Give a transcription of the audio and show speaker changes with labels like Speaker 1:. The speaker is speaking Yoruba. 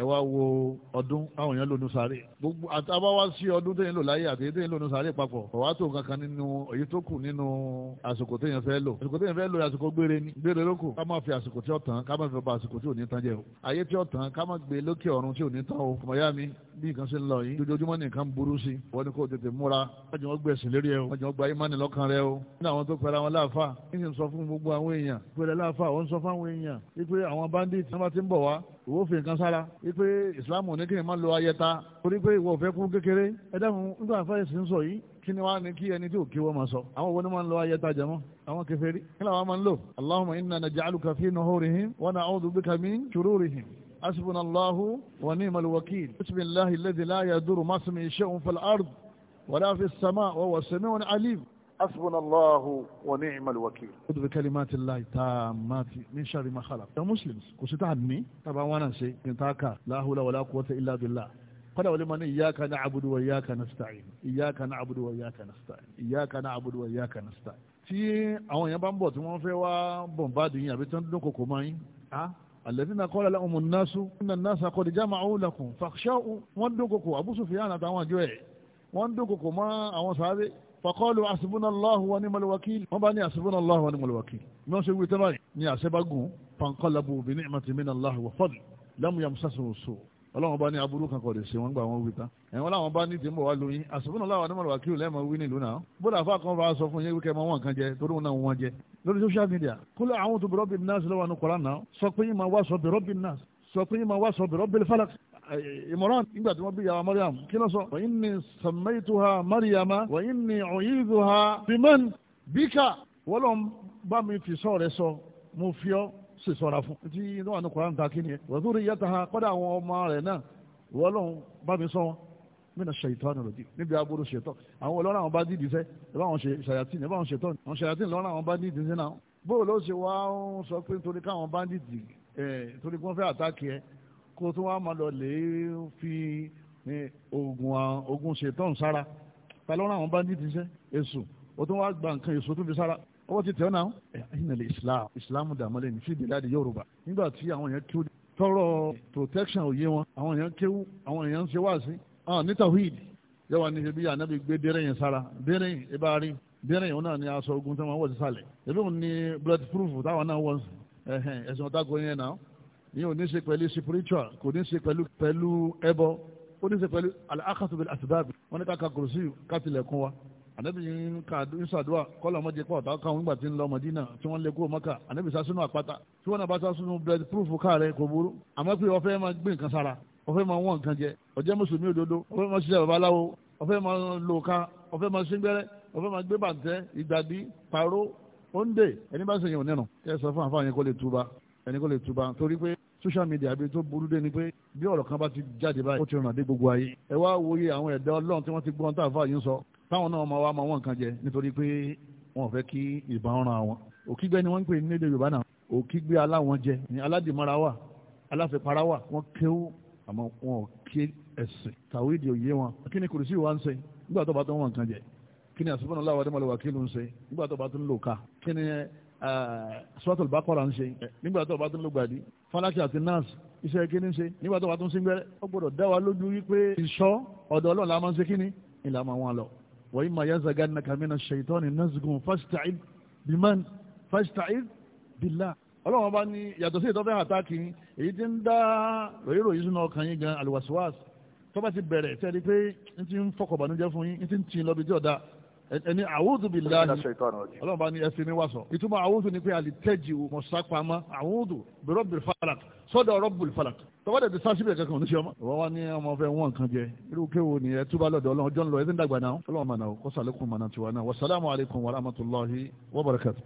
Speaker 1: ẹ wá wo ọdún àwọn èèyàn lónú sáré gbogbo àtàbáwá sí ọdún téèyàn lò láyé àti téèyàn lónú sáré papọ̀ ọ̀wá tó kankan nínú èyí tó kù nínú àsìkò téèyàn fẹ́ lò àsìkò téèyàn fẹ́ lò àsìkò gbére ni gbére ló kù ká má fi àsìkò tí ó tán ká má fi ba àsìkò tí ò ní tán jẹ o ayé tí ó tán ká má gbé lókè ọ̀run tí ò ní tán o ọmọ yá mi bí nǹkan ṣe ń lọ yìí dojoojúmọ́ ní nǹkan burú sí i wọ́n ní kó tètè múra wọ́n jẹ́ wọ́n gbẹ̀sìn lérí ẹ o wọ́n jẹ́ wọ́n gba imáni lọ́kàn rẹ o ní àwọn tó pẹ̀lú àwọn láàfà ní sọ fún gbogbo àwọn èèyàn pẹ̀lú láàfà wọ́n sọ fún àwọn èèyàn wípé àwọn bandits náà bá ti ń bọ̀ wá ìwọ fi nǹkan sára wípé ìsìláàmù ní kí ni máa lo ayẹta torí pé ìwọ òfẹ́ kú kékeré ẹ dáhùn nígbà fẹ́ sí ń sọ yìí kí ni wá ní kí ẹni tí ò kí wọ́n máa sọ àwọn òwò ni máa ń lo ayẹta jẹmọ́ àwọn kèfèrí kí làwọn máa ń lò allahumma inna naj'aluka fi nuhurihim wa na'udhu bika min shururihim hasbuna allahu wa ni'mal wakil bismillahi alladhi la yadurru ma ismihi shay'un fil ardi wa wa huwa as 'alim حسبنا الله ونعم الوكيل خذ بكلمات الله تامات من شر ما خلق يا مسلم كنت عني طبعا وانا شيء كنت لا حول ولا قوه الا بالله قال ولمن اياك نعبد واياك نستعين اياك نعبد واياك نستعين اياك نعبد واياك نستعين tí àwọn èèyàn bá ń bọ̀ tí wọ́n fẹ́ wá bọ̀m̀bádìí yín àbí tán dún kòkò máa yín alladhina qala lahumu nnasu inna nnasa qad jama'u lakum fakhshawhum wọ́n dún kòkò Abu Sufyan àtàwọn àjọ ẹ̀ wọ́n dún kòkò mọ́ àwọn sáré fàkọ́lù àṣìbúnàláhù wa ní malwakil wọ́n bá ní àṣìbúnàláhù wa ní malwakil ní wọ́n ṣe wí tẹ́bà ní àṣẹ́bágún pankọ́labu bí ní ìmọ̀tí mínàláhù wa fọ́dù lẹ́mú yam sásòwòsò ọlọ́wọ́n bá ní aburú kan kọ̀dẹ̀ sí wọn gbà wọn wí tán ẹ̀wọ́n láwọn bá ní ti ń bọ̀ wá lóyún àṣìbúnàláhù wa ní malwakil lẹ́mọ̀ wí nílùú náà bódà fà kan fà sọ fún yín wíkẹ́ mọ́ wọn kan jẹ torí wọn náà wọn jẹ lórí social media kúlẹ̀ àwọn tó bẹ̀rọ̀ bí nas sọ pé yín máa wá sọ bẹ̀rọ̀ bí nas sọ pé yín máa wá sọ bẹ̀rọ̀ bí falak ìmọ̀ràn nígbà tí wọ́n bí yàrá mariam kí ló sọ. wa inni sammaytuha mariama wa inni u'idhuha biman bika wọ́n lọ́n bá mi fi sọ́ọ̀ rẹ sọ mo fi ọ́ sì sọ́ra fún. ti inú àná kọ́ra nǹkan kí ni ẹ. wa dhurriyyataha kọ́dà àwọn ọmọ rẹ̀ náà wọ́n lọ́n bá mi sọ wọn mina ṣèyítọ́nù lòdì níbi aburú ṣètọ́ àwọn ọlọ́run àwọn bá dídì sẹ́ ẹ bá wọn ṣe ṣàyàtìn ẹ bá wọn ṣètọ́ àwọn ṣàyàtìn lọ́run àwọn bá dídì sí náà bóòlù ó ṣe wá ń sọ pé nítorí káwọn bá dídì ẹ torí kí wọ́n fẹ́ àtàkì ẹ kó tó wá máa lọ lè fi oògùn oògùn ṣètọ́n sára ta ló ràn wọ́n bá ní ti ṣe èso ó tó wá gba nǹkan èso tó fi sára ọwọ́ ti tẹ̀ ọ́ náà ìnàlẹ̀ islam islam dàmọ́lẹ̀ ní fìdí láti yorùbá nígbà tí àwọn èèyàn kéwú tọrọ protection òye wọn àwọn èèyàn kéwú àwọn èèyàn ń ṣe wáàsí ní tawhid yóò wá ní ibi ànábì gbé dẹ́rẹ́ yẹn sára dẹ́rẹ́ yẹn ibà rí dẹ́rẹ́ yẹn náà ni aṣọ ogun tí wọ́n wọ̀ sí sàlẹ̀ ebi òun ni blood proof táwọn náà wọ̀ ẹ̀sìn ọ̀tá kò yẹn náà ní ò ní ṣe pẹ̀lú spiritual kò ní ṣe pẹ̀lú pẹ̀lú ẹbọ ó ní ṣe pẹ̀lú al-akhadhu bil-asbab wọ́n ní ká ka kùrùsí kátìlẹ̀kùn wa ànábì ń ka ìṣàdúrà kọ́lọ̀ ọmọdé pa ọ̀tá káwọn nígbà tí ń lọ Mádínà tí wọ́n lè kó Mákà ànábì sá sínú àpáta tí wọ́n náà bá sá sínú bread proof káàrẹ̀ kò burú àmọ́ pé ó fẹ́ máa gbé nǹkan sára ó fẹ́ máa wọ́n nǹkan jẹ ó jẹ́ mùsùlùmí òdodo ó fẹ́ máa ṣiṣẹ́ babaláwo ó fẹ́ máa lo ká ó fẹ́ máa ṣíngbẹ́rẹ́ ó fẹ́ máa gbé bàǹtẹ́ ìgbàdí pàró ó ń dè ẹni bá ṣèyàn nínú kẹ́ sọ fún àǹfààní kó lè túba ẹni kò lè tuba torí pé social media bíi tó burú dé ni pé bí ọ̀rọ̀ kan bá ti jáde báyìí ó ti ràn dé gbogbo ayé ẹ wá wòye àwọn ẹ̀dá ọlọ́run tí wọ́n ti gbọ́n táàfà yìí ń sọ táwọn náà máa wá máa wọ́n nǹkan jẹ nítorí pé wọ́n fẹ́ kí ìbọn ran àwọn òkígbẹ́ ni wọ́n ń pè nílé yorùbá náà òkígbé aláwọn jẹ ní aládìmọ́ra wà aláfẹ́para wà wọ́n kéwú àmọ́ wọn ò ké ẹ̀sìn tàwídì òye wọn kí ni kùrìsì wa ń ṣe nígbà tó bá tó wọn nǹkan jẹ kí ni àsìkò náà láwọn adémọlẹ́wà kí ló ń ṣe nígbà tó bá tó ń lò ká kí ni Eh, sọ́tò ìbákọ́ra eh, ń ṣe nígbà tó o bá tún ló gbàdí fọlákì àti nọ́ọ̀sì iṣẹ́ kíní ń ṣe nígbà tó o bá tún sí gbẹ́rẹ́ ó gbọ́dọ̀ dá wa lójú wípé ìṣọ́ ọ̀dọ̀ ọlọ́run la máa ń ṣe kíní ni la máa wọn lọ. wa imma yanzaghannaka mina shaytani nazghun fasta'id biman fasta'id billah. ọlọ́run bá ní yàtọ̀ sí ìtọ́fẹ́ àtàkì èyí ti ń dá ròyìnròyìn sínú ọkàn gan alwaswas tó bá ti bẹ̀rẹ̀ tẹ́lẹ̀ pé ń ti ń fọkànbánújẹ́ fún ẹni àwùdù bí láàyè ọlọ́run bá ní ẹsẹ̀ ní wàsàn ìtumọ̀ àwùdù ni pé àlìtẹ́jì mọ̀ sápamọ́ àwùdù bí rọ́bì falak sọ́dọ̀ rọ́bì falak tọ́wọ́ dẹ̀ ti sá síbẹ̀ kankan oníṣẹ́ ọmọ. ìwọ wa ní ọmọ fẹ́ wọ́n nǹkan jẹ irú kéwò ni ẹ túbà lọ́dọ̀ ọlọ́run jọ́n lọ ẹ ti ń dàgbà náà ọlọ́run mọ̀nà kọ́sàlẹ́kùn mọ̀nà tiwa náà wàsálàmù alaykum wa rahmatulahi wa barakatuh.